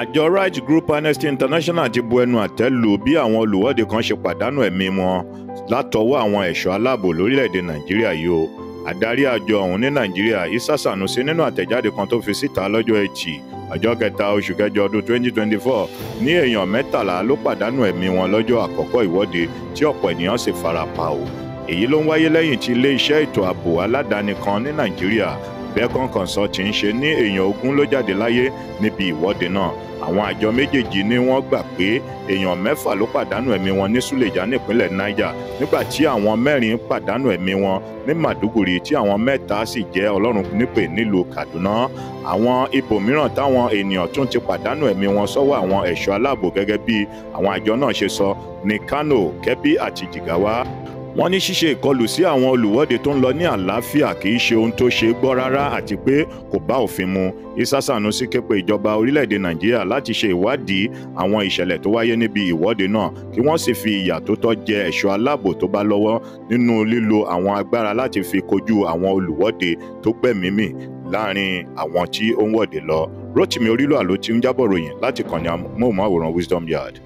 àjọ right group amnesty international ti bu ẹnu àtẹ́ lù bí àwọn olùwọ́de kan ṣe pàdánù ẹ̀mí wọn látọwọ́ àwọn ẹ̀ṣọ́ aláàbò lórílẹ̀‐èdè nàìjíríà yìí o àdarí àjọ ọ̀hún ní nàìjíríà Isa Sanusi nínú àtẹ̀jáde kan tó fi síta lọ́jọ́ ẹtì ọjọ́ kẹta oṣù kẹjọ ọdún 2024 ní èèyàn mẹ́tàlá ló pàdánù ẹ̀mí wọn lọ́jọ́ àkọ́kọ́ ìwọ́de tí ọ̀pọ̀ ènìyàn sì farapa o èyí ló ń wáyé lẹ́yìn tí ilé iṣẹ́ ètò ààbò aládàáni kan ní nàìjíríà Beacon Consulting ṣe ní èèyàn ogún ló jáde láyé níbi ìwọ́de náà àwọn àjọ méjèèjì ni wọ́n gbà pé èèyàn mẹ́fà ló pàdánù ẹ̀mí wọn ní Suleja nípínlẹ̀ Niger nígbà tí àwọn mẹ́rin pàdánù ẹ̀mí wọn ní Màdúgùrí tí àwọn mẹ́ta sì jẹ́ Ọlọ́run nípè nílùú Kaduna àwọn ibòmíràn táwọn ènìyàn tún ti pàdánù ẹ̀mí wọn sọ́wọ́ àwọn ẹ̀ṣọ́ aláàbò gẹ́gẹ́ bí àwọn àjọ náà ṣe sọ ní Kano Kebbi àti Jigawa wọ́n ní ṣíṣe ìkọlù sí àwọn olùwọ́de tó ń lọ ní àlàáfíà kì í ṣe ohun tó ṣe é gbọ́ rárá àti pé kò bá òfin mu Isa Sanusi ké pe ìjọba orílẹ̀-èdè Nàìjíríà láti ṣe ìwádìí àwọn ìṣẹ̀lẹ̀ tó wáyé níbi ìwọ́de náà kí wọ́n sì fi ìyà tó tọ́ jẹ ẹ̀ṣọ́ aláàbò tó bá lọ́wọ́ nínú lílo àwọn agbára láti fi kojú àwọn olùwọ́de tó gbẹ̀mímì láàrin àwọn tí ó ń wọ́de lọ Rotimi Orílọ̀ àló Wisdom Yard.